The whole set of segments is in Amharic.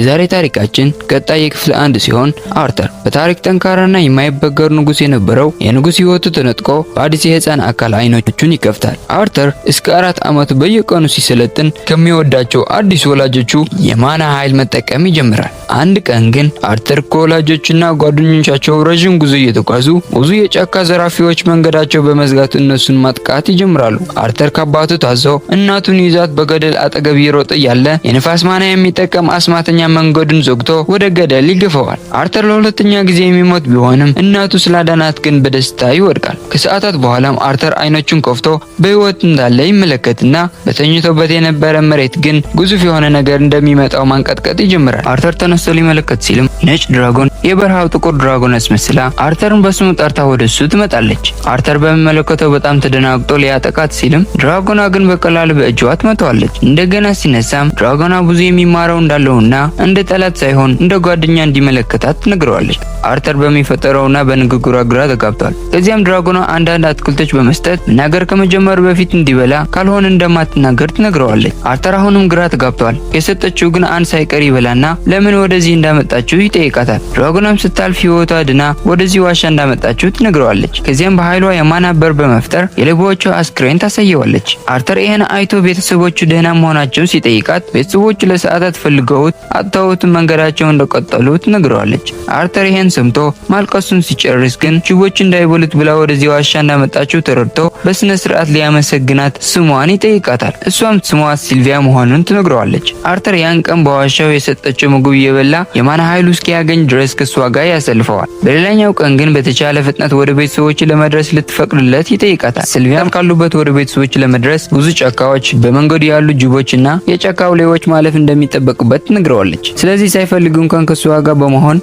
የዛሬ ታሪካችን ቀጣይ የክፍል አንድ ሲሆን አርተር በታሪክ ጠንካራና የማይበገር ንጉስ የነበረው የንጉስ ህይወቱ ተነጥቆ በአዲስ የህፃን አካል አይኖቹን ይከፍታል። አርተር እስከ አራት ዓመት በየቀኑ ሲሰለጥን ከሚወዳቸው አዲስ ወላጆቹ የማና ኃይል መጠቀም ይጀምራል። አንድ ቀን ግን አርተር ከወላጆቹና ጓደኞቻቸው ረዥም ጉዞ እየተጓዙ ብዙ የጫካ ዘራፊዎች መንገዳቸው በመዝጋት እነሱን ማጥቃት ይጀምራሉ። አርተር ከአባቱ ታዘው እናቱን ይዛት በገደል አጠገብ እየሮጠ ያለ የንፋስ ማና የሚጠቀም አስማተኛ መንገዱን ዘግቶ ወደ ገደል ይገፈዋል። አርተር ለሁለተኛ ጊዜ የሚሞት ቢሆንም እናቱ ስላዳናት ግን በደስታ ይወድቃል። ከሰዓታት በኋላም አርተር አይኖቹን ከፍቶ በህይወት እንዳለ ይመለከትና በተኝቶበት የነበረ መሬት ግን ግዙፍ የሆነ ነገር እንደሚመጣው ማንቀጥቀጥ ይጀምራል። አርተር ተነስቶ ሊመለከት ሲልም ነጭ ድራጎን የበረሃው ጥቁር ድራጎን አስመስላ አርተርን በስሙ ጠርታ ወደ እሱ ትመጣለች። አርተር በሚመለከተው በጣም ተደናግጦ ሊያጠቃት ሲልም ድራጎና ግን በቀላል በእጅዋ ትመታዋለች። እንደገና ሲነሳም ድራጎና ብዙ የሚማረው እንዳለውና እንደ ጠላት ሳይሆን እንደ ጓደኛ እንዲመለከታት ነግረዋለች። አርተር በሚፈጠረውና በንግግሯ ግራ ተጋብቷል። ከዚያም ድራጎኗ አንዳንድ አትክልቶች በመስጠት መናገር ከመጀመሩ በፊት እንዲበላ ካልሆነ እንደማትናገር ትነግረዋለች። አርተር አሁንም ግራ ተጋብቷል። የሰጠችው ግን አንድ ሳይቀር ይበላና ለምን ወደዚህ እንዳመጣችሁ ይጠይቃታል። ድራጎኗም ስታልፍ ህይወቷ ድና ወደዚህ ዋሻ እንዳመጣችሁ ትነግረዋለች። ከዚያም በኃይሏ የማናበር በመፍጠር የሌባዎቹ አስክሬን ታሳየዋለች። አርተር ይህን አይቶ ቤተሰቦቹ ደህና መሆናቸውን ሲጠይቃት ቤተሰቦቹ ለሰዓታት ፈልገውት አጥተውትን መንገዳቸውን እንደቀጠሉት ነግረዋለች። አርተር ይሄን ሰምቶ ማልቀሱን ሲጨርስ ግን ጅቦች እንዳይበሉት ብላ ወደዚህ ዋሻ እንዳመጣችው ተረድቶ በስነ ስርዓት ሊያመሰግናት ስሟን ይጠይቃታል። እሷም ስሟ ሲልቪያ መሆኑን ትነግረዋለች። አርተር ያን ቀን በዋሻው የሰጠችው ምግብ እየበላ የማና ኃይሉ እስኪያገኝ ድረስ ከእሷ ጋር ያሰልፈዋል። በሌላኛው ቀን ግን በተቻለ ፍጥነት ወደ ቤተሰቦች ለመድረስ ልትፈቅድለት ይጠይቃታል። ሲልቪያም ካሉበት ወደ ቤተሰቦች ለመድረስ ብዙ ጫካዎች፣ በመንገዱ ያሉ ጅቦችና የጫካው ሌቦች ማለፍ እንደሚጠበቅበት ነግረዋል። ትሆናለች። ስለዚህ ሳይፈልግ እንኳን ከሱ ዋጋ በመሆን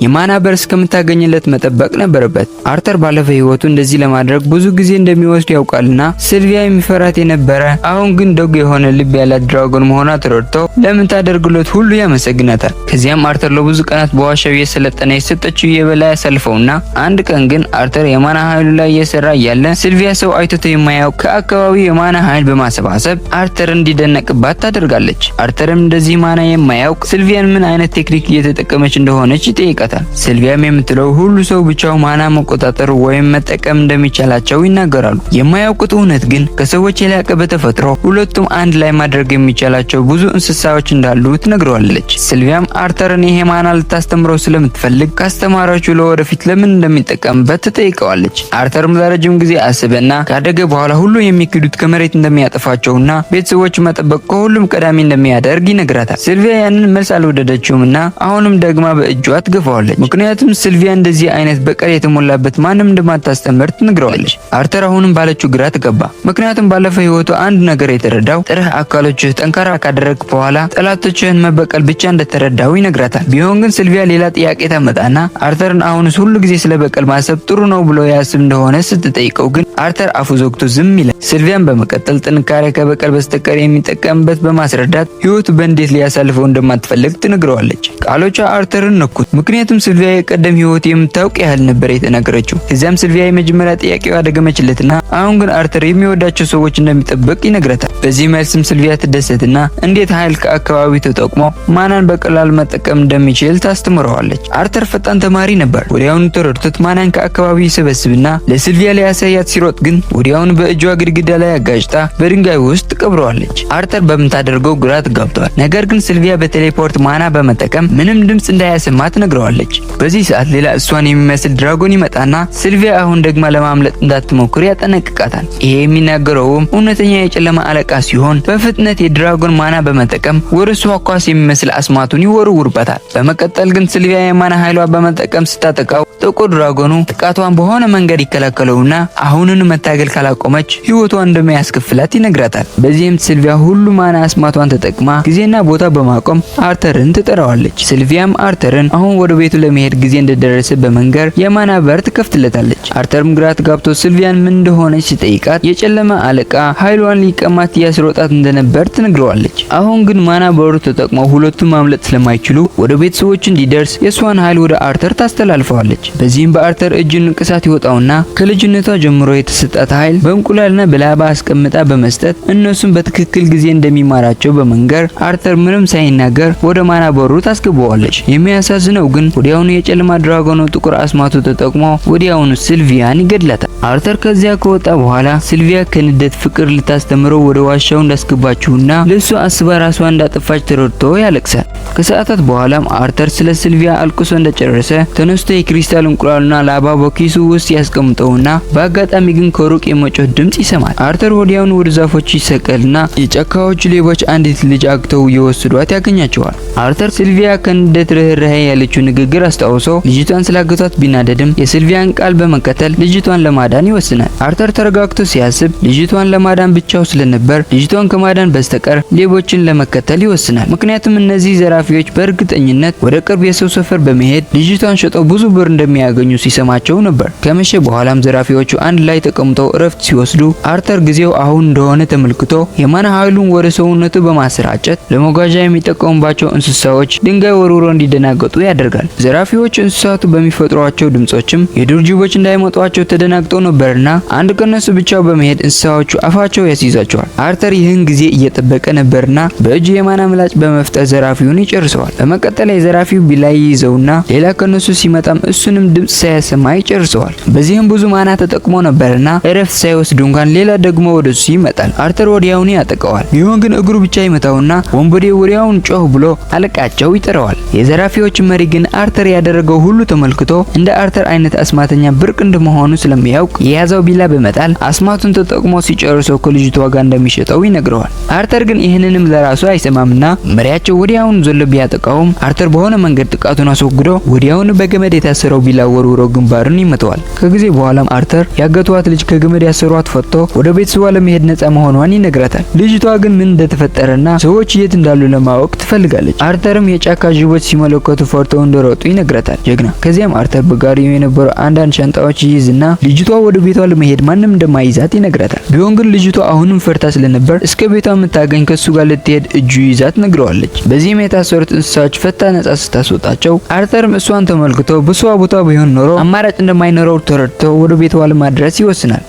በር እስከምታገኝለት መጠበቅ ነበረበት። አርተር ባለፈ ህይወቱ እንደዚህ ለማድረግ ብዙ ጊዜ እንደሚወስድ ያውቃልና ሲልቪያ የሚፈራት የነበረ አሁን ግን ደግ የሆነ ልብ ያላት ድራጎን መሆኗ ተረድቶ ለምታደርግለት ሁሉ ያመሰግናታል። ከዚያም አርተር ለብዙ ቀናት በዋሻው እየሰለጠነ የሰጠችው የበላይ ያሳልፈውና አንድ ቀን ግን አርተር የማና ኃይሉ ላይ እየሰራ እያለ ሲልቪያ ሰው አይቶት የማያውቅ ከአካባቢው የማና ኃይል በማሰባሰብ አርተር እንዲደነቅባት ታደርጋለች። አርተርም እንደዚህ ማና የማያውቅ ሲልቪያን ምን አይነት ቴክኒክ እየተጠቀመች እንደሆነች ይጠይቃታል። ሲልቪያም የምትለው ሁሉ ሰው ብቻው ማና መቆጣጠር ወይም መጠቀም እንደሚቻላቸው ይናገራሉ። የማያውቁት እውነት ግን ከሰዎች የላቀ በተፈጥሮ ሁለቱም አንድ ላይ ማድረግ የሚቻላቸው ብዙ እንስሳዎች እንዳሉ ትነግረዋለች። ሲልቪያም አርተርን ይሄ ማና ልታስተምረው ስለምትፈልግ ከአስተማሪዎቹ ለወደፊት ለምን እንደሚጠቀምበት ትጠይቀዋለች። አርተርም ለረጅም ጊዜ አስበና ካደገ በኋላ ሁሉ የሚክዱት ከመሬት እንደሚያጠፋቸውና ቤተሰቦች መጠበቅ ከሁሉም ቀዳሚ እንደሚያደርግ ይነግራታል። ሲልቪያ ያንን መልስ አልወደ አልወደደችውም እና አሁንም ደግማ በእጇ ትገፋዋለች። ምክንያቱም ሲልቪያ እንደዚህ አይነት በቀል የተሞላበት ማንም እንደማታስተምር ትነግረዋለች። አርተር አሁንም ባለችው ግራ ተገባ። ምክንያቱም ባለፈው ህይወቱ አንድ ነገር የተረዳው ጥረህ አካሎችህ ጠንካራ ካደረግ በኋላ ጠላቶችህን መበቀል ብቻ እንደተረዳው ይነግራታል። ቢሆን ግን ሲልቪያ ሌላ ጥያቄ ታመጣና አርተርን አሁንስ ሁሉ ጊዜ ስለ በቀል ማሰብ ጥሩ ነው ብሎ ያስብ እንደሆነ ስትጠይቀው ግን አርተር አፉ ዘግቶ ዝም ይላል። ስልቪያን በመቀጠል ጥንካሬ ከበቀል በስተቀር የሚጠቀምበት በማስረዳት ህይወቱ በእንዴት ሊያሳልፈው እንደማትፈልግ ትነግረዋለች። ቃሎቿ አርተርን ነኩት። ምክንያቱም ስልቪያ የቀደም ህይወት የምታውቅ ያህል ነበር የተናገረችው። ከዚያም ስልቪያ የመጀመሪያ ጥያቄዋ አደገመችለትና አሁን ግን አርተር የሚወዳቸው ሰዎች እንደሚጠበቅ ይነግረታል። በዚህ መልስም ስልቪያ ትደሰትና እንዴት ኃይል ከአካባቢ ተጠቅሞ ማናን በቀላል መጠቀም እንደሚችል ታስተምረዋለች። አርተር ፈጣን ተማሪ ነበር። ወዲያውኑ ተረድቶት ማናን ከአካባቢ ይሰበስብና ለስልቪያ ሊያሳያት ሲሮጥ ግን ወዲያውኑ በእጇ ግድግዳ ላይ አጋጭታ በድንጋይ ውስጥ ቀብረዋለች። አርተር በምታደርገው ግራ ተጋብቷል። ነገር ግን ስልቪያ በቴሌፖርት ማና በመጠቀም ምንም ድምፅ እንዳያሰማ ትነግረዋለች። በዚህ ሰዓት ሌላ እሷን የሚመስል ድራጎን ይመጣና ሲልቪያ አሁን ደግማ ለማምለጥ እንዳትሞክር ያጠነቅቃታል። ይሄ የሚናገረውም እውነተኛ የጨለማ አለቃ ሲሆን በፍጥነት የድራጎን ማና በመጠቀም ወደ እሷ ኳስ የሚመስል አስማቱን ይወረውርበታል። በመቀጠል ግን ሲልቪያ የማና ኃይሏ በመጠቀም ስታጠቃው ጥቁር ድራጎኑ ጥቃቷን በሆነ መንገድ ይከላከለውና አሁንን መታገል ካላቆመች ህይወቷ እንደሚያስከፍላት ይነግራታል። በዚህም ሲልቪያ ሁሉ ማና አስማቷን ተጠቅማ ጊዜና ቦታ በማቆም አርተርን ትጠራዋለች። ሲልቪያም አርተርን አሁን ወደ ቤቱ ለመሄድ ጊዜ እንደደረሰ በመንገር የማና በር ትከፍትለታለች። አርተርም ግራት ጋብቶ ሲልቪያን ምን እንደሆነች ሲጠይቃት የጨለማ አለቃ ኃይሏን ሊቀማት ያስሮጣት እንደነበር ትነግረዋለች። አሁን ግን ማና በሩ ተጠቅሞ ሁለቱም ማምለጥ ስለማይችሉ ወደ ቤተሰቦች እንዲደርስ የእሷን ኃይል ወደ አርተር ታስተላልፈዋለች። በዚህም በአርተር እጅ ንቅሳት ይወጣውና ከልጅነቷ ጀምሮ የተሰጣት ኃይል በእንቁላልና በላባ አስቀምጣ በመስጠት እነሱም በትክክል ጊዜ እንደሚማራቸው በመንገር አርተር ምንም ሳይናገር ወደ በሩ ታስገባዋለች። የሚያሳዝነው ግን ወዲያውኑ የጨለማ ድራጎኑ ጥቁር አስማቱ ተጠቅሞ ወዲያውኑ ሲልቪያን ይገድላታል። አርተር ከዚያ ከወጣ በኋላ ሲልቪያ ከንደት ፍቅር ልታስተምረው ወደ ዋሻው እንዳስገባችሁና ለሱ አስባ ራሷ እንዳጠፋች ተረድቶ ያለቅሳል። ከሰዓታት በኋላም አርተር ስለ ሲልቪያ አልቅሶ እንደጨረሰ ተነስቶ የክሪስታል እንቁላሉና ላባ በኪሱ ውስጥ ያስቀምጠውና በአጋጣሚ ግን ከሩቅ የመጮት ድምጽ ይሰማል። አርተር ወዲያውኑ ወደ ዛፎች ይሰቀልና የጫካዎቹ ሌቦች አንዲት ልጅ አግተው እየወሰዷት ያገኛቸዋል። አርተር ሲልቪያ ከእንደት ርኅራኄ ያለችው ንግግር አስታውሶ ልጅቷን ስላገቷት ቢናደድም የሲልቪያን ቃል በመከተል ልጅቷን ለማዳን ይወስናል። አርተር ተረጋግቶ ሲያስብ ልጅቷን ለማዳን ብቻው ስለነበር ልጅቷን ከማዳን በስተቀር ሌቦችን ለመከተል ይወስናል። ምክንያቱም እነዚህ ዘራፊዎች በእርግጠኝነት ወደ ቅርብ የሰው ሰፈር በመሄድ ልጅቷን ሸጠው ብዙ ብር እንደሚያገኙ ሲሰማቸው ነበር። ከመሸ በኋላም ዘራፊዎቹ አንድ ላይ ተቀምጠው እረፍት ሲወስዱ አርተር ጊዜው አሁን እንደሆነ ተመልክቶ የማና ኃይሉን ወደ ሰውነቱ በማሰራጨት ለመጓዣ የሚጠቀሙባቸው እንስሳ እንስሳዎች ድንጋይ ወርውሮ እንዲደናገጡ ያደርጋል። ዘራፊዎች እንስሳቱ በሚፈጥሯቸው ድምጾችም የዱር ጅቦች እንዳይመጧቸው ተደናግጠው ነበርና አንድ ከነሱ ብቻው በመሄድ እንስሳዎቹ አፋቸው ያስይዛቸዋል። አርተር ይህን ጊዜ እየጠበቀ ነበርና በእጁ የማና ምላጭ በመፍጠር ዘራፊውን ይጨርሰዋል። በመቀጠል የዘራፊው ቢላይ ይዘውና ሌላ ከነሱ ሲመጣም እሱንም ድምጽ ሳያሰማ ይጨርሰዋል። በዚህም ብዙ ማና ተጠቅሞ ነበርና እረፍት ሳይወስድ እንኳን ሌላ ደግሞ ወደሱ ይመጣል። አርተር ወዲያውኑ ያጠቀዋል። ይሁን ግን እግሩ ብቻ ይመታውና ወንበዴ ወዲያውን ጮህ ብሎ አለ እንዲሰርቃቸው ይጥረዋል። የዘራፊዎች መሪ ግን አርተር ያደረገው ሁሉ ተመልክቶ እንደ አርተር አይነት አስማተኛ ብርቅ እንደመሆኑ ስለሚያውቅ የያዘው ቢላ በመጣል አስማቱን ተጠቅሞ ሲጨርሰው ከልጅቷ ዋጋ እንደሚሸጠው ይነግረዋል። አርተር ግን ይህንንም ለራሱ አይሰማምና መሪያቸው ወዲያውኑ ዘሎ ቢያጠቃውም አርተር በሆነ መንገድ ጥቃቱን አስወግዶ ወዲያውኑ በገመድ የታሰረው ቢላ ወርውሮ ግንባሩን ይመተዋል። ከጊዜ በኋላም አርተር ያገቷት ልጅ ከገመድ ያሰሯት ፈቶ ወደ ቤተሰቧ ለመሄድ ነጻ መሆኗን ይነግራታል። ልጅቷ ግን ምን እንደተፈጠረና ሰዎች የት እንዳሉ ለማወቅ ትፈልጋለች። አርተርም የጫካ ጅቦች ሲመለከቱ ፈርተው እንደሮጡ ይነግረታል ጀግና። ከዚያም አርተር በጋሪው የነበሩ አንዳንድ ሻንጣዎች ይይዝና ልጅቷ ወደ ቤቷ ለመሄድ ማንም እንደማይዛት ይነግረታል። ቢሆን ግን ልጅቷ አሁንም ፈርታ ስለነበር እስከ ቤቷ የምታገኝ ከሱ ጋር ልትሄድ እጁ ይዛት ነግረዋለች። በዚህም የታሰሩት እንስሳዎች ፈታ ነጻ ስታስወጣቸው አርተርም እሷን ተመልክቶ በሷ ቦታ ቢሆን ኖሮ አማራጭ እንደማይኖረው ተረድቶ ወደ ቤቷ ለማድረስ ይወስናል።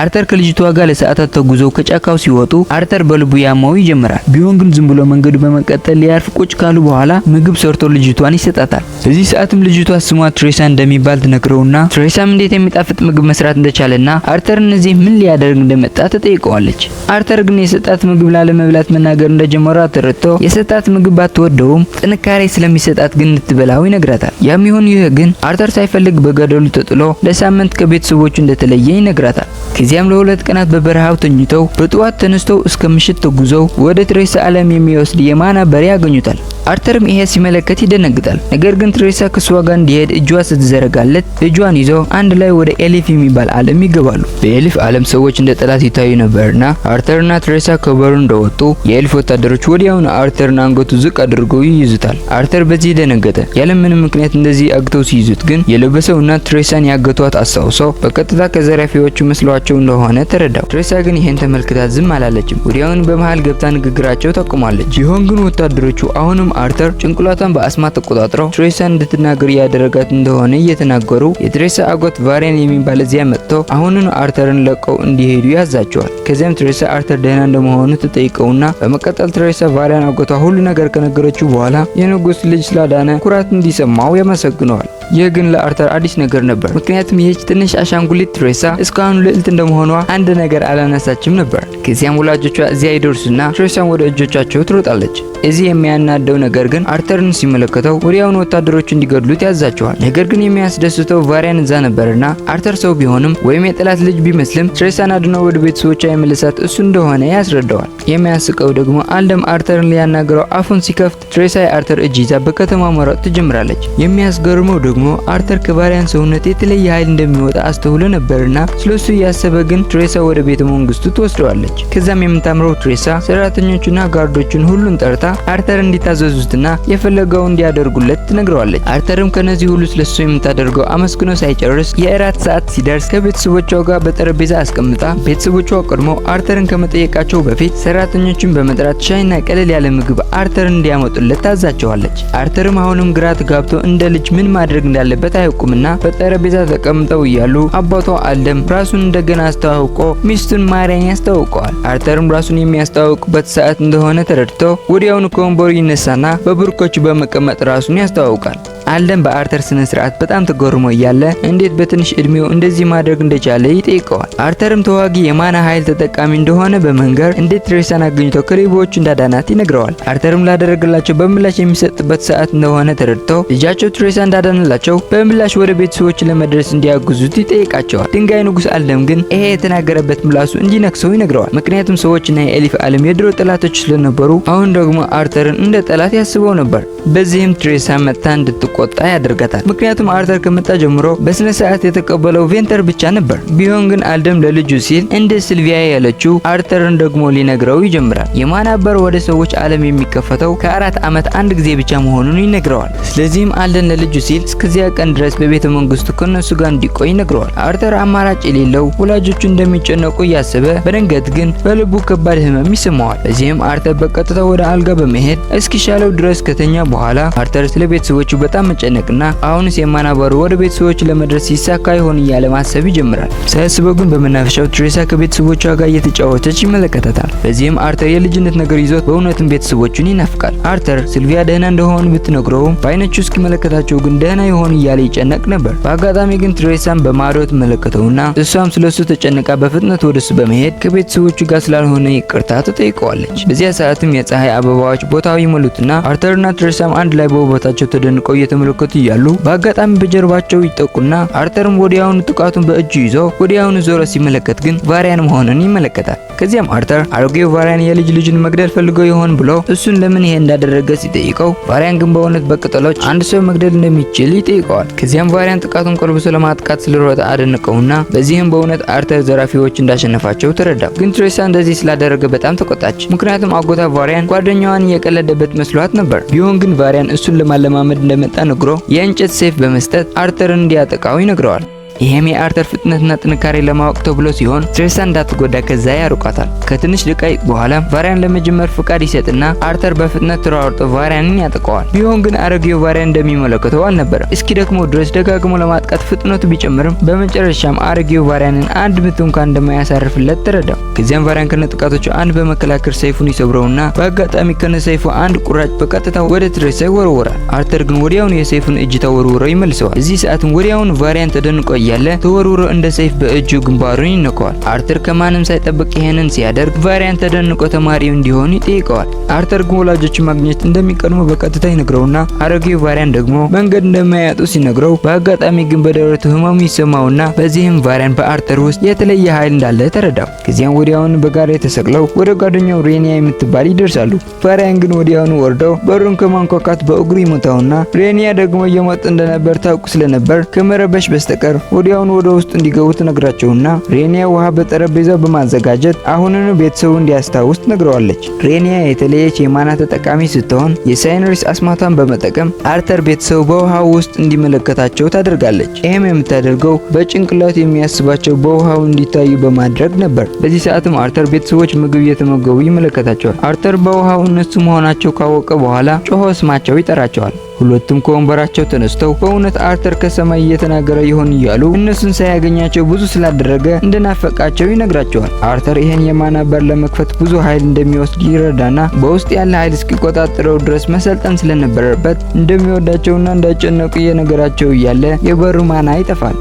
አርተር ከልጅቷ ጋር ለሰዓታት ተጉዘው ከጫካው ሲወጡ አርተር በልቡ ያማው ይጀምራል። ቢሆን ግን ዝም ብሎ መንገዱ በመቀጠል ሊያርፍ ቁጭ ካሉ በኋላ ምግብ ሰርቶ ልጅቷን ይሰጣታል። በዚህ ሰዓትም ልጅቷ ስሟ ትሬሳ እንደሚባል ትነግረውና ትሬሳም እንዴት የሚጣፍጥ ምግብ መስራት እንደቻለና አርተር እነዚህ ምን ሊያደርግ እንደመጣ ትጠይቀዋለች። አርተር ግን የሰጣት ምግብ ላለመብላት መናገር እንደጀመረ ተረድቶ የሰጣት ምግብ ባትወደውም ጥንካሬ ስለሚሰጣት ግን እንድትበላው ይነግራታል። ያም ይሁን ይህ ግን አርተር ሳይፈልግ በገደሉ ተጥሎ ለሳምንት ከቤተሰቦቹ እንደተለየ ይነግራታል። ከዚያም ለሁለት ቀናት በበረሃው ተኝተው በጠዋት ተነስተው እስከ ምሽት ተጉዘው ወደ ትሬሳ ዓለም የሚወስድ የማና በሬ ያገኙታል። አርተርም ይሄ ሲመለከት ይደነግጣል። ነገር ግን ትሬሳ ከሷ ጋር እንዲሄድ እጇ ስትዘረጋለት እጇን ይዞ አንድ ላይ ወደ ኤሊፍ የሚባል ዓለም ይገባሉ። በኤሊፍ ዓለም ሰዎች እንደ ጠላት ይታዩ ነበርና አርተርና ትሬሳ ከበሩ እንደወጡ የኤሊፍ ወታደሮች ወዲያውኑ አርተርን አንገቱ ዝቅ አድርገው ይይዙታል። አርተር በዚህ ደነገጠ። ምንም ምክንያት እንደዚህ አግተው ሲይዙት ግን የለበሰውና ትሬሳን ያገቷት አስታውሰው በቀጥታ ከዘራፊዎቹ መስሏቸው እንደሆነ ተረዳው። ትሬሳ ግን ይሄን ተመልክታ ዝም አላለችም። ወዲያውን በመሃል ገብታ ንግግራቸው ጠቁሟለች። ይሆን ግን ወታደሮቹ አሁንም አርተር ጭንቅላቷን በአስማ ተቆጣጥረው ትሬሳ እንድትናገር እያደረጋት እንደሆነ እየተናገሩ የትሬሳ አጎት ቫሪያን የሚባል እዚያ መጥተው አሁኑን አርተርን ለቀው እንዲሄዱ ያዛቸዋል። ከዚያም ትሬሳ አርተር ደህና እንደመሆኑ ተጠይቀውና በመቀጠል ትሬሳ ቫሪያን አጎቷ ሁሉ ነገር ከነገረችው በኋላ የንጉስ ልጅ ስላዳነ ኩራት እንዲሰማው ያመሰግነዋል። ይህ ግን ለአርተር አዲስ ነገር ነበር፣ ምክንያቱም ይህች ትንሽ አሻንጉሊት ትሬሳ እስካሁን ልዕልት እንደመሆኗ አንድ ነገር አላነሳችም ነበር። ከዚያም ወላጆቿ እዚያ ይደርሱና ትሬሳን ወደ እጆቻቸው ትሮጣለች። እዚህ የሚያናደው ነገር ግን አርተርን ሲመለከተው ወዲያውኑ ወታደሮች እንዲገድሉት ያዛቸዋል። ነገር ግን የሚያስደስተው ቫሪያን እዛ ነበርና አርተር ሰው ቢሆንም ወይም የጠላት ልጅ ቢመስልም ትሬሳን አድኖ ወደ ቤተሰቦቿ የመለሳት እሱ እንደሆነ ያስረዳዋል። የሚያስቀው ደግሞ አልደም አርተርን ሊያናግረው አፉን ሲከፍት ትሬሳይ አርተር እጅ ይዛ በከተማ መሮጥ ትጀምራለች። የሚያስገርመው ደግሞ አርተር ከባሪያን ሰውነት የተለየ ኃይል እንደሚወጣ አስተውሎ ነበርና ስለሱ እያሰበ ግን ትሬሳ ወደ ቤተ መንግስቱ ትወስደዋለች። ከዛም የምታምረው ትሬሳ ሰራተኞቹና ጋርዶቹን ሁሉን ጠርታ አርተር እንዲታዘዙትና የፈለገው እንዲያደርጉለት ትነግረዋለች። አርተርም ከነዚህ ሁሉ ስለሱ የምታደርገው አመስግኖ ሳይጨርስ የእራት ሰዓት ሲደርስ ከቤተሰቦቿ ጋር በጠረጴዛ አስቀምጣ ቤተሰቦቿ ቀድሞ አርተርን ከመጠየቃቸው በፊት ሰራተኞችን በመጥራት ሻይና ቀለል ያለ ምግብ አርተር እንዲያመጡለት ታዛቸዋለች። አርተርም አሁንም ግራ ተጋብቶ እንደ ልጅ ምን ማድረግ እንዳለበት አያውቁምና በጠረጴዛ ተቀምጠው እያሉ አባቷ አለም ራሱን እንደገና አስተዋውቆ ሚስቱን ማርያን ያስተዋውቀዋል። አርተርም ራሱን የሚያስተዋውቅበት ሰዓት እንደሆነ ተረድቶ ወዲያውኑ ከወንበሩ ይነሳና በብርኮቹ በመቀመጥ ራሱን ያስተዋውቃል። አለም በአርተር ስነ ስርዓት በጣም ተገርሞ እያለ እንዴት በትንሽ እድሜው እንደዚህ ማድረግ እንደቻለ ይጠይቀዋል። አርተርም ተዋጊ የማና ኃይል ተጠቃሚ እንደሆነ በመንገር እንዴት ትሬሳን አግኝቶ ከሌቦዎቹ እንዳዳናት ይነግረዋል። አርተርም ላደረገላቸው በምላሽ የሚሰጥበት ሰዓት እንደሆነ ተረድተው ልጃቸው ትሬሳ እንዳዳንላቸው በምላሽ ወደ ቤተሰቦች ለመድረስ እንዲያግዙት ይጠይቃቸዋል። ድንጋይ ንጉስ አለም ግን ይሄ የተናገረበት ምላሱ እንዲነክሰው ይነግረዋል። ምክንያቱም ሰዎችና የኤሊፍ አለም የድሮ ጠላቶች ስለነበሩ አሁን ደግሞ አርተርን እንደ ጠላት ያስበው ነበር። በዚህም ትሬሳ መጥታ እንድትቆ ቆጣ ያደርጋታል። ምክንያቱም አርተር ከመጣ ጀምሮ በስነ ስርዓት የተቀበለው ቬንተር ብቻ ነበር። ቢሆን ግን አልደም ለልጁ ሲል እንደ ሲልቪያ ያለችው አርተርን ደግሞ ሊነግረው ይጀምራል። የማናበር ወደ ሰዎች ዓለም የሚከፈተው ከአራት ዓመት አንድ ጊዜ ብቻ መሆኑን ይነግረዋል። ስለዚህም አልደን ለልጁ ሲል እስከዚያ ቀን ድረስ በቤተ መንግስቱ ከነሱ ጋር እንዲቆይ ይነግረዋል። አርተር አማራጭ የሌለው ወላጆቹ እንደሚጨነቁ እያሰበ በድንገት ግን በልቡ ከባድ ህመም ይሰማዋል። በዚህም አርተር በቀጥታ ወደ አልጋ በመሄድ እስኪሻለው ድረስ ከተኛ በኋላ አርተር ስለ ቤተሰቦቹ በጣም መጨነቅና አሁንስ የማናበሩ ወደ ቤተሰቦች ለመድረስ ይሳካ ይሆን እያለ ማሰብ ይጀምራል። ሳያስበው ግን በመናፈሻው ትሬሳ ከቤተሰቦቿ ጋር እየተጫወተች ይመለከታታል። በዚህም አርተር የልጅነት ነገር ይዞት በእውነትም ቤተሰቦቹን ይናፍቃል። አርተር ሲልቪያ ደህና እንደሆን ብትነግረውም በአይኖቹ እስኪመለከታቸው ግን ደህና ይሆን እያለ ይጨነቅ ነበር። በአጋጣሚ ግን ትሬሳን በማዶ ትመለከተውና እሷም ስለሱ ተጨንቃ በፍጥነት ወደሱ በመሄድ ከቤተሰቦቹ ጋር ስላልሆነ ይቅርታ ትጠይቀዋለች። በዚያ ሰዓትም የፀሐይ አበባዎች ቦታው ይሞሉትና አርተርና ትሬሳም አንድ ላይ በውበታቸው ተደንቀው እየተመለከቱ እያሉ በአጋጣሚ በጀርባቸው ይጠቁና አርተርም ወዲያውኑ ጥቃቱን በእጁ ይዞ ወዲያውኑ ዞረ ሲመለከት ግን ቫሪያን መሆኑን ይመለከታል። ከዚያም አርተር አሮጌው ቫሪያን የልጅ ልጅን መግደል ፈልገው ይሆን ብሎ እሱን ለምን ይሄ እንዳደረገ ሲጠይቀው ቫሪያን ግን በእውነት በቅጠሎች አንድ ሰው መግደል እንደሚችል ይጠይቀዋል። ከዚያም ቫሪያን ጥቃቱን ቆልብሶ ለማጥቃት ስለሮጠ አደነቀውና በዚህም በእውነት አርተር ዘራፊዎች እንዳሸነፋቸው ተረዳ። ግን ትሬሳ እንደዚህ ስላደረገ በጣም ተቆጣች። ምክንያቱም አጎታ ቫሪያን ጓደኛዋን የቀለደበት መስሏት ነበር። ቢሆን ግን ቫሪያን እሱን ለማለማመድ እንደመጣ ተነግሮ የእንጨት ሴፍ በመስጠት አርተርን እንዲያጠቃው ይነግረዋል። ይሄም የአርተር ፍጥነትና ጥንካሬ ለማወቅ ተብሎ ሲሆን ትሬሳ እንዳትጎዳ ከዛ ያርቋታል። ከትንሽ ደቂቃ በኋላ ቫሪያን ለመጀመር ፍቃድ ይሰጥና አርተር በፍጥነት ተሯርጦ ቫሪያንን ያጠቀዋል። ቢሆን ግን አረጌው ቫሪያን እንደሚመለከተው አልነበረም። እስኪ ደግሞ ድረስ ደጋግሞ ለማጥቃት ፍጥነቱ ቢጨምርም በመጨረሻም አረጌው ቫሪያንን አንድ ምት እንኳ እንደማያሳርፍለት ተረዳው። ከዚያም ቫሪያን ከነ ጥቃቶቹ አንድ በመከላከል ሰይፉን ይሰብረውና በአጋጣሚ ከነ ሰይፉ አንድ ቁራጭ በቀጥታ ወደ ትሬሳ ይወረወራል። አርተር ግን ወዲያውኑ የሰይፉን እጅ ተወርውረው ይመልሰዋል። እዚህ ሰዓትም ወዲያውኑ ቫሪያን ተደንቆ እያለ ተወርውሮ እንደ ሰይፍ በእጁ ግንባሩን ይነካዋል። አርተር ከማንም ሳይጠብቅ ይሄንን ሲያደርግ ቫሪያን ተደንቆ ተማሪው እንዲሆን ይጠይቀዋል። አርተር ግን ወላጆቹ ማግኘት እንደሚቀድሞ በቀጥታ ይነግረውና አሮጌው ቫሪያን ደግሞ መንገድ እንደማያጡ ሲነግረው በአጋጣሚ ግን በደረቱ ህመሙ ይሰማውና በዚህም ቫሪያን በአርተር ውስጥ የተለየ ኃይል እንዳለ ተረዳው። ከዚያም ወዲያውን በጋራ ተሰቅለው ወደ ጓደኛው ሬኒያ የምትባል ይደርሳሉ። ቫሪያን ግን ወዲያውኑ ወርደው በሩን ከማንኳኳት በእግሩ ይመታውና ሬኒያ ደግሞ እየሞት እንደነበር ታውቁ ስለነበር ከመረበሽ በስተቀር ወዲያውኑ ወደ ውስጥ እንዲገቡ ትነግራቸውና ሬኒያ ውሃ በጠረጴዛ በማዘጋጀት አሁንኑ ቤተሰቡ እንዲያስታውስ ትነግረዋለች። ሬኒያ የተለየች የማና ተጠቃሚ ስትሆን የሳይነሪስ አስማታን በመጠቀም አርተር ቤተሰቡ በውሃው ውስጥ እንዲመለከታቸው ታደርጋለች። ይህም የምታደርገው በጭንቅላት የሚያስባቸው በውሃው እንዲታዩ በማድረግ ነበር። በዚህ ሰዓትም አርተር ቤተሰቦች ምግብ እየተመገቡ ይመለከታቸዋል። አርተር በውሃው እነሱ መሆናቸው ካወቀ በኋላ ጮሆ ስማቸው ይጠራቸዋል። ሁለቱም ከወንበራቸው ተነስተው በእውነት አርተር ከሰማይ እየተናገረ ይሆን እያሉ እነሱን ሳያገኛቸው ብዙ ስላደረገ እንደናፈቃቸው ይነግራቸዋል። አርተር ይህን የማና በር ለመክፈት ብዙ ኃይል እንደሚወስድ ይረዳና በውስጥ ያለ ኃይል እስኪቆጣጠረው ድረስ መሰልጠን ስለነበረበት እንደሚወዳቸውና እንዳጨነቁ እየነገራቸው እያለ የበሩ ማና ይጠፋል።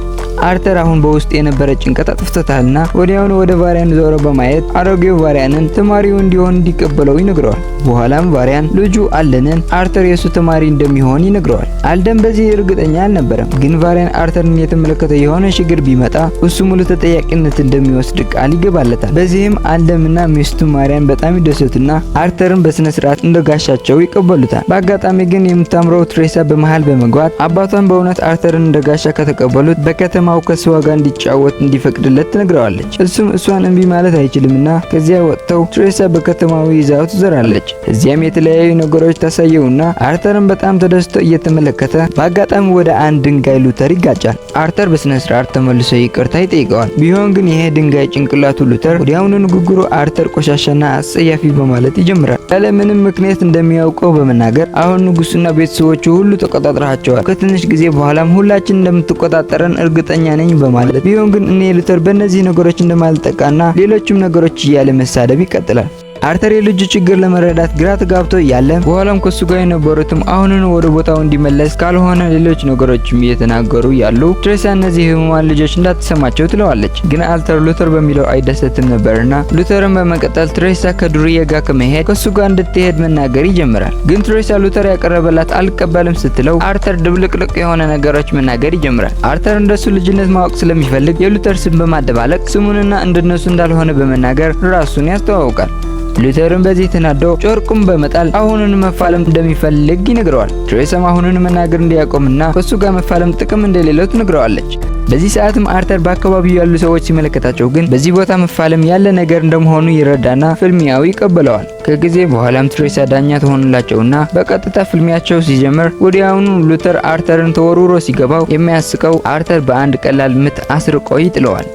አርተር አሁን በውስጥ የነበረ ጭንቀት አጥፍቶታልና ወዲያውኑ ወደ ቫሪያን ዞሮ በማየት አሮጌው ቫሪያንን ተማሪው እንዲሆን እንዲቀበለው ይነግረዋል። በኋላም ቫሪያን ልጁ አለንን አርተር የሱ ተማሪ እንደሚሆን ይነግረዋል። አልደን በዚህ እርግጠኛ አልነበረም፣ ግን ቫሪያን አርተርን የተመለከተ የሆነ ችግር ቢመጣ እሱ ሙሉ ተጠያቂነት እንደሚወስድ ቃል ይገባለታል። በዚህም አልደምና ሚስቱ ማርያም በጣም ይደሰቱና አርተርን በስነ ስርዓት እንደጋሻቸው ይቀበሉታል። በአጋጣሚ ግን የምታምረው ትሬሳ በመሃል በመግባት አባቷን በእውነት አርተርን እንደጋሻ ከተቀበሉት በከተማ ማውከስ ዋጋ እንዲጫወት እንዲፈቅድለት ትነግረዋለች። እሱም እሷን እምቢ ማለት አይችልምና ከዚያ ወጥተው ትሬሳ በከተማው ይዛው ትዞራለች። እዚያም የተለያዩ ነገሮች ታሳየውና አርተርም በጣም ተደስቶ እየተመለከተ በአጋጣሚ ወደ አንድ ድንጋይ ሉተር ይጋጫል። አርተር በስነ ስርዓት ተመልሶ ይቅርታ ይጠይቀዋል። ቢሆን ግን ይሄ ድንጋይ ጭንቅላቱ ሉተር ወዲያውኑ ንግግሩ አርተር ቆሻሻና አጸያፊ በማለት ይጀምራል። ያለ ምንም ምክንያት እንደሚያውቀው በመናገር አሁን ንጉሱና ቤተሰቦቹ ሁሉ ተቆጣጥረሃቸዋል። ከትንሽ ጊዜ በኋላም ሁላችን እንደምትቆጣጠረን እርግጠኛ ቁርጠኛ ነኝ በማለት ቢሆን ግን እኔ ሉተር በእነዚህ ነገሮች እንደማልጠቃና ሌሎችም ነገሮች እያለ መሳደብ ይቀጥላል። አርተር የልጁ ችግር ለመረዳት ግራ ተጋብቶ እያለ በኋላም ከሱ ጋር የነበሩትም አሁንን ወደ ቦታው እንዲመለስ ካልሆነ ሌሎች ነገሮችም እየተናገሩ ያሉ ትሬሳ እነዚህ ህሙማን ልጆች እንዳትሰማቸው ትለዋለች። ግን አልተር ሉተር በሚለው አይደሰትም ነበርና ሉተርን በመቀጠል ትሬሳ ከዱርዬ ጋር ከመሄድ ከሱ ጋር እንድትሄድ መናገር ይጀምራል። ግን ትሬሳ ሉተር ያቀረበላት አልቀበልም ስትለው አርተር ድብልቅልቅ የሆነ ነገሮች መናገር ይጀምራል። አርተር እንደሱ ልጅነት ማወቅ ስለሚፈልግ የሉተር ስም በማደባለቅ ስሙንና እንደነሱ እንዳልሆነ በመናገር ራሱን ያስተዋውቃል። ሉተርን በዚህ ተናደው ጨርቁን በመጣል አሁንን መፋለም እንደሚፈልግ ይነግረዋል። ትሬሰም አሁንን መናገር እንዲያቆምና ከሱ ጋር መፋለም ጥቅም እንደሌለው ትነግረዋለች። በዚህ ሰዓትም አርተር በአካባቢው ያሉ ሰዎች ሲመለከታቸው ግን በዚህ ቦታ መፋለም ያለ ነገር እንደመሆኑ ይረዳና ፍልሚያው ይቀበለዋል። ከጊዜ በኋላም ትሬሳ ዳኛ ትሆንላቸውና በቀጥታ ፍልሚያቸው ሲጀምር ወዲያውኑ ሉተር አርተርን ተወርውሮ ሲገባው የሚያስቀው አርተር በአንድ ቀላል ምት አስርቆ ይጥለዋል።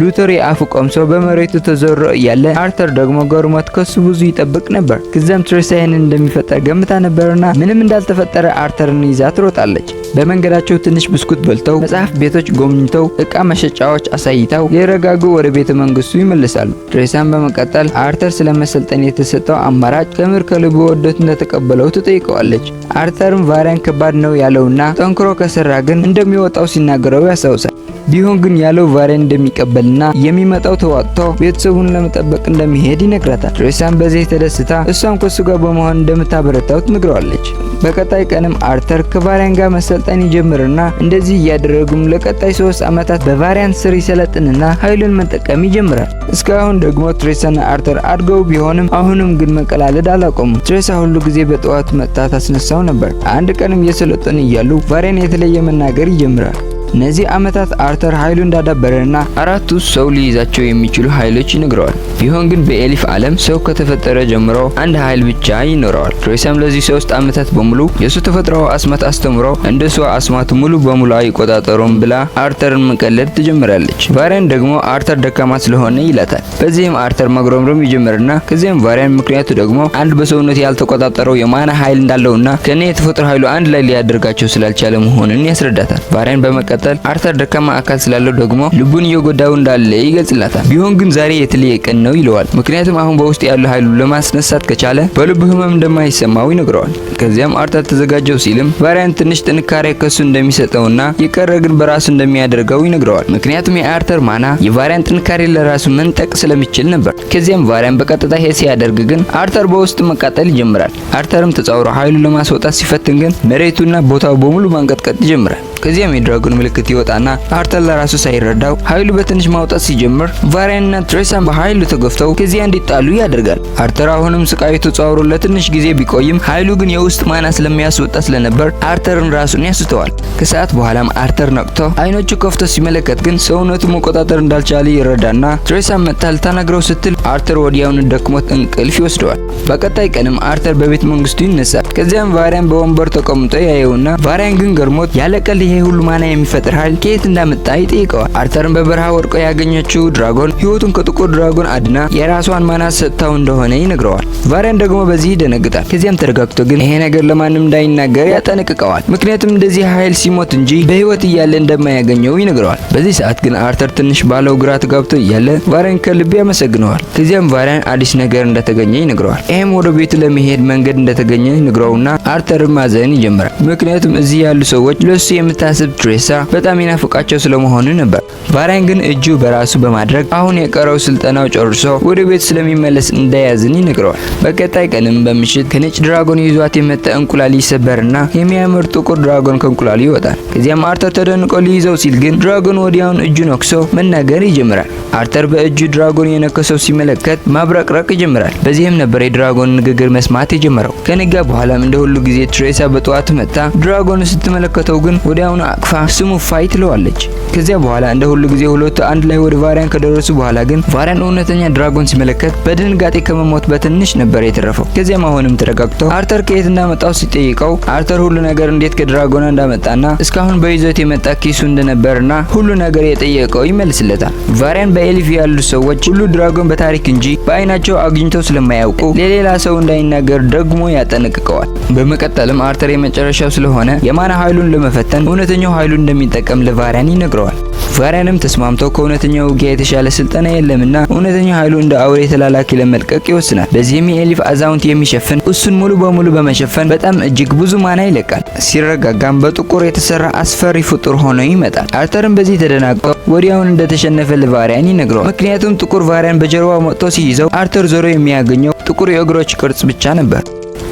ሉተር የአፉ ቀምሶ በመሬቱ ተዘሮ እያለ አርተር ደግሞ ገርሞት ከሱ ብዙ ይጠብቅ ነበር። ከዚያም ትሬሳ ይህንን እንደሚፈጠር ገምታ ነበርና ምንም እንዳልተፈጠረ አርተርን ይዛ ትሮጣለች። በመንገዳቸው ትንሽ ብስኩት በልተው መጽሐፍ ቤቶች ጎብኝተው እቃ መሸጫዎች አሳይተው ሊረጋጉ ወደ ቤተ መንግስቱ ይመለሳሉ። ትሬሳን በመቀጠል አርተር ስለመሰልጠን የተሰጠው አማራጭ ከምር ከልቡ ወዶት እንደተቀበለው ትጠይቀዋለች። አርተርም ቫሪያን ከባድ ነው ያለውና ጠንክሮ ከሰራ ግን እንደሚወጣው ሲናገረው ያስታውሳል። ቢሆን ግን ያለው ቫሪያን እንደሚቀበል እንደሚቀበልና የሚመጣው ተዋጥቶ ቤተሰቡን ለመጠበቅ እንደሚሄድ ይነግራታል። ሬሳም በዚህ ተደስታ እሷን ከሱ ጋር በመሆን እንደምታበረታው ትነግረዋለች። በቀጣይ ቀንም አርተር ከቫሪያን ጋር መሰልጠን ይጀምርና እንደዚህ እያደረጉም ለቀጣይ ሶስት ዓመታት በቫሪያን ስር ይሰለጥንና ኃይሉን መጠቀም ይጀምራል። እስካሁን ደግሞ ትሬሳና አርተር አድገው ቢሆንም አሁንም ግን መቀላለድ አላቆሙም። ትሬሳ ሁሉ ጊዜ በጠዋት መጥታ ታስነሳው ነበር። አንድ ቀንም የሰለጠን እያሉ ቫሪያን የተለየ መናገር ይጀምራል። እነዚህ ዓመታት አርተር ኃይሉ እንዳዳበረና አራቱ ሰው ሊይዛቸው የሚችሉ ኃይሎች ይነግረዋል። ቢሆን ግን በኤሊፍ ዓለም ሰው ከተፈጠረ ጀምሮ አንድ ኃይል ብቻ ይኖረዋል። ትሬሳም ለዚህ ሶስት ዓመታት በሙሉ የሱ ተፈጥሮ አስማት አስተምሮ እንደሷ አስማት ሙሉ በሙሉ አይቆጣጠሩም ብላ አርተርን መቀለድ ትጀምራለች። ቫሪያን ደግሞ አርተር ደካማ ስለሆነ ይላታል። በዚህም አርተር መግረምረም ይጀምርና ከዚያም ቫሪያን ምክንያቱ ደግሞ አንድ በሰውነት ያልተቆጣጠረው የማና ኃይል እንዳለውና ከእኔ የተፈጥሮ ኃይሉ አንድ ላይ ሊያደርጋቸው ስላልቻለ መሆኑን ያስረዳታል። ቫሪያን በመቀጠል በመቀጠል አርተር ደካማ አካል ስላለው ደግሞ ልቡን እየጎዳው እንዳለ ይገልጽላታል። ቢሆን ግን ዛሬ የተለየ ቀን ነው ይለዋል። ምክንያቱም አሁን በውስጥ ያለው ኃይሉ ለማስነሳት ከቻለ በልብ ህመም እንደማይሰማው ይነግረዋል። ከዚያም አርተር ተዘጋጀው ሲልም ቫሪያንት ትንሽ ጥንካሬ ከሱ እንደሚሰጠውና የቀረ ግን በራሱ እንደሚያደርገው ይነግረዋል። ምክንያቱም የአርተር ማና የቫሪያንት ጥንካሬ ለራሱ መንጠቅ ስለሚችል ነበር። ከዚያም ቫሪያንት በቀጥታ ሄ ሲያደርግ ግን አርተር በውስጥ መቃጠል ይጀምራል። አርተርም ተጻውሮ ኃይሉ ለማስወጣት ሲፈትን ግን መሬቱና ቦታው በሙሉ ማንቀጥቀጥ ይጀምራል። ከዚያም የድራጎን ምልክት ይወጣና አርተር ለራሱ ሳይረዳው ኃይሉ በትንሽ ማውጣት ሲጀምር ቫሪያንና ትሬሳን በኃይሉ ተገፍተው ከዚያ እንዲጣሉ ያደርጋል። አርተር አሁንም ስቃዩ ተጻውሮ ለትንሽ ጊዜ ቢቆይም ኃይሉ ግን የውስጥ ማና ስለሚያስወጣ ስለነበር አርተርን ራሱን ያስተዋል። ከሰዓት በኋላም አርተር ነቅቶ አይኖቹ ከፍቶ ሲመለከት ግን ሰውነቱ መቆጣጠር እንዳልቻለ ይረዳና ትሬሳን መጥታ ተናግረው ስትል አርተር ወዲያውን ደክሞት እንቅልፍ ይወስደዋል። በቀጣይ ቀንም አርተር በቤተ መንግስቱ ይነሳል። ከዚያም ቫሪያን በወንበር ተቀምጦ ያየውና ቫሪያን ግን ገርሞት ያለቀል ይሄ ሁሉ ማና የሚፈጥር ኃይል ከየት እንዳመጣ ይጠይቀዋል። አርተርን በበረሃ ወድቆ ያገኘችው ድራጎን ህይወቱን ከጥቁር ድራጎን አድና የራሷን ማና ሰጥታው እንደሆነ ይነግረዋል። ቫሪያን ደግሞ በዚህ ይደነግጣል። ከዚያም ተረጋግቶ ግን ይሄ ነገር ለማንም እንዳይናገር ያጠነቅቀዋል። ምክንያቱም እንደዚህ ኃይል ሲሞት እንጂ በህይወት እያለ እንደማያገኘው ይነግረዋል። በዚህ ሰዓት ግን አርተር ትንሽ ባለው ግራ ተጋብቶ እያለ ቫሪያን ከልብ ያመሰግነዋል። ከዚያም ቫሪያን አዲስ ነገር እንደተገኘ ይነግረዋል። ይህም ወደ ቤቱ ለመሄድ መንገድ እንደተገኘ ይነግረውና አርተር ማዘን ይጀምራል። ምክንያቱም እዚህ ያሉ ሰዎች ለሱ የምታ የምታስብ ትሬሳ በጣም ይናፍቃቸው ስለመሆኑ ነበር። ቫራን ግን እጁ በራሱ በማድረግ አሁን የቀረው ስልጠናው ጨርሶ ወደ ቤት ስለሚመለስ እንዳያዝን ይነግረዋል። በቀጣይ ቀንም በምሽት ከነጭ ድራጎን ይዟት የመጣ እንቁላል ይሰበርና የሚያምር ጥቁር ድራጎን ከእንቁላሉ ይወጣል። ከዚያም አርተር ተደንቆ ሊይዘው ሲል ግን ድራጎን ወዲያውን እጁ ነክሶ መናገር ይጀምራል። አርተር በእጁ ድራጎን የነከሰው ሲመለከት ማብረቅረቅ ይጀምራል። በዚህም ነበር የድራጎን ንግግር መስማት የጀመረው። ከንጋ በኋላም እንደ ሁሉ ጊዜ ትሬሳ በጠዋት መጣ። ድራጎን ስትመለከተው ግን ወደ ድንጋዩን አቅፋ ስሙ ፋይ ትለዋለች። ከዚያ በኋላ እንደ ሁሉ ጊዜ ሁለቱ አንድ ላይ ወደ ቫሪያን ከደረሱ በኋላ ግን ቫሪያን እውነተኛ ድራጎን ሲመለከት በድንጋጤ ከመሞት በትንሽ ነበር የተረፈው። ከዚያም አሁንም ተረጋግቶ አርተር ከየት እንዳመጣው ሲጠይቀው አርተር ሁሉ ነገር እንዴት ከድራጎና እንዳመጣና እስካሁን በይዞት የመጣ ኪሱ እንደነበርና ሁሉ ነገር የጠየቀው ይመልስለታል። ቫሪያን በኤልቪ ያሉ ሰዎች ሁሉ ድራጎን በታሪክ እንጂ በአይናቸው አግኝተው ስለማያውቁ ለሌላ ሰው እንዳይናገር ደግሞ ያጠነቅቀዋል። በመቀጠልም አርተር የመጨረሻው ስለሆነ የማና ኃይሉን ለመፈተን በእውነተኛው ኃይሉ እንደሚጠቀም ለቫሪያን ይነግረዋል። ቫሪያንም ተስማምቶ ከእውነተኛው ውጊያ የተሻለ ስልጠና የለምና እውነተኛው ኃይሉ እንደ አውሬ ተላላኪ ለመልቀቅ ይወስናል። በዚህም የኤሊፍ አዛውንት የሚሸፍን እሱን ሙሉ በሙሉ በመሸፈን በጣም እጅግ ብዙ ማና ይለቃል። ሲረጋጋም በጥቁር የተሰራ አስፈሪ ፍጡር ሆኖ ይመጣል። አርተርም በዚህ ተደናቀ ወዲያውን እንደተሸነፈ ለቫሪያን ይነግረዋል። ምክንያቱም ጥቁር ቫሪያን በጀርባው መጥቶ ሲይዘው አርተር ዞሮ የሚያገኘው ጥቁር የእግሮች ቅርጽ ብቻ ነበር።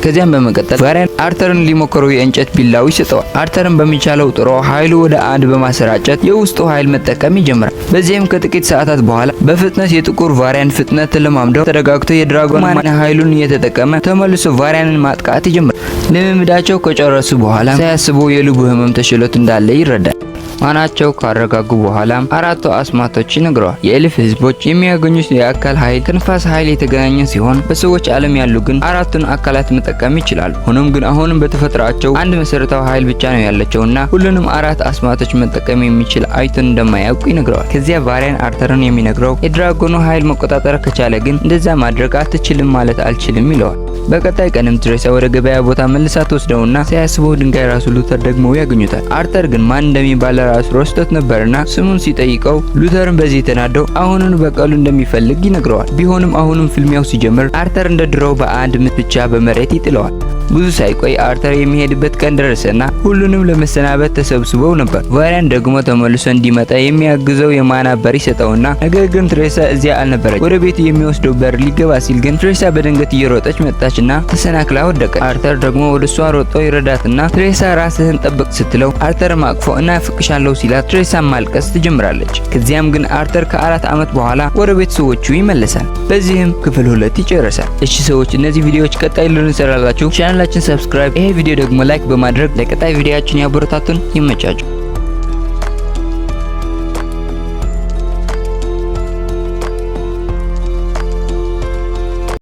ከዚያም በመቀጠል ቫሪያን አርተርን ሊሞክረው የእንጨት ቢላው ይሰጠዋል። አርተርን በሚቻለው ጥሮ ኃይሉ ወደ አንድ በማሰራጨት የውስጡ ኃይል መጠቀም ይጀምራል። በዚህም ከጥቂት ሰዓታት በኋላ በፍጥነት የጥቁር ቫሪያን ፍጥነት ተለማምደው ተረጋግቶ የድራጎን ማና ኃይሉን እየተጠቀመ ተመልሶ ቫሪያንን ማጥቃት ይጀምራል። ልምምዳቸው ከጨረሱ በኋላ ሳያስበው የልቡ ህመም ተሽሎት እንዳለ ይረዳል። ማናቸው ካረጋጉ በኋላም አራቱ አስማቶች ይነግረዋል። የእልፍ ህዝቦች የሚያገኙት የአካል ኃይል ከንፋስ ኃይል የተገናኘ ሲሆን በሰዎች ዓለም ያሉ ግን አራቱን አካላት መጠቀም ይችላሉ። ሆኖም ግን አሁንም በተፈጥሯቸው አንድ መሰረታዊ ኃይል ብቻ ነው ያለቸውና ሁሉንም አራት አስማቶች መጠቀም የሚችል አይቶን እንደማያውቁ ይነግረዋል። ከዚያ ቫሪያን አርተርን የሚነግረው የድራጎኑ ኃይል መቆጣጠር ከቻለ ግን እንደዛ ማድረግ አትችልም ማለት አልችልም ይለዋል። በቀጣይ ቀንም ትሬሳ ወደ ገበያ ቦታ መልሳ ትወስደውና ሳያስበው ድንጋይ ራሱ ሉተር ደግሞ ያገኙታል። አርተር ግን ማን እንደሚባል ራሱ ረስቶት ነበርና ስሙን ሲጠይቀው ሉተርን በዚህ ተናደው አሁኑን በቀሉ እንደሚፈልግ ይነግረዋል። ቢሆንም አሁንም ፍልሚያው ሲጀምር አርተር እንደ ድሮው በአንድ ምት ብቻ በመሬት ይጥለዋል። ብዙ ሳይቆይ አርተር የሚሄድበት ቀን ደረሰና ሁሉንም ለመሰናበት ተሰብስበው ነበር። ቫሪያን ደግሞ ተመልሶ እንዲመጣ የሚያግዘው የማና በር ይሰጠውና ነገር ግን ትሬሳ እዚያ አልነበረች። ወደ ቤቱ የሚወስደው በር ሊገባ ሲል ግን ትሬሳ በድንገት እየሮጠች መጣ። ተቆጣችና ተሰናክላ ወደቀች። አርተር ደግሞ ወደ እሷ ሮጦ ይረዳትና ትሬሳ ራስህን ጠብቅ ስትለው አርተርም አቅፎ እናፍቅሻለሁ ሲላት ትሬሳ ማልቀስ ትጀምራለች። ከዚያም ግን አርተር ከአራት ዓመት በኋላ ወደ ቤተሰቦቹ ይመለሳል። በዚህም ክፍል ሁለት ይጨረሳል። እሺ ሰዎች እነዚህ ቪዲዮዎች ቀጣይ ልንሰራላችሁ። ቻናላችን ሰብስክራይብ፣ ይሄ ቪዲዮ ደግሞ ላይክ በማድረግ ለቀጣይ ቪዲዮችን ያበረታቱን። ይመቻችሁ።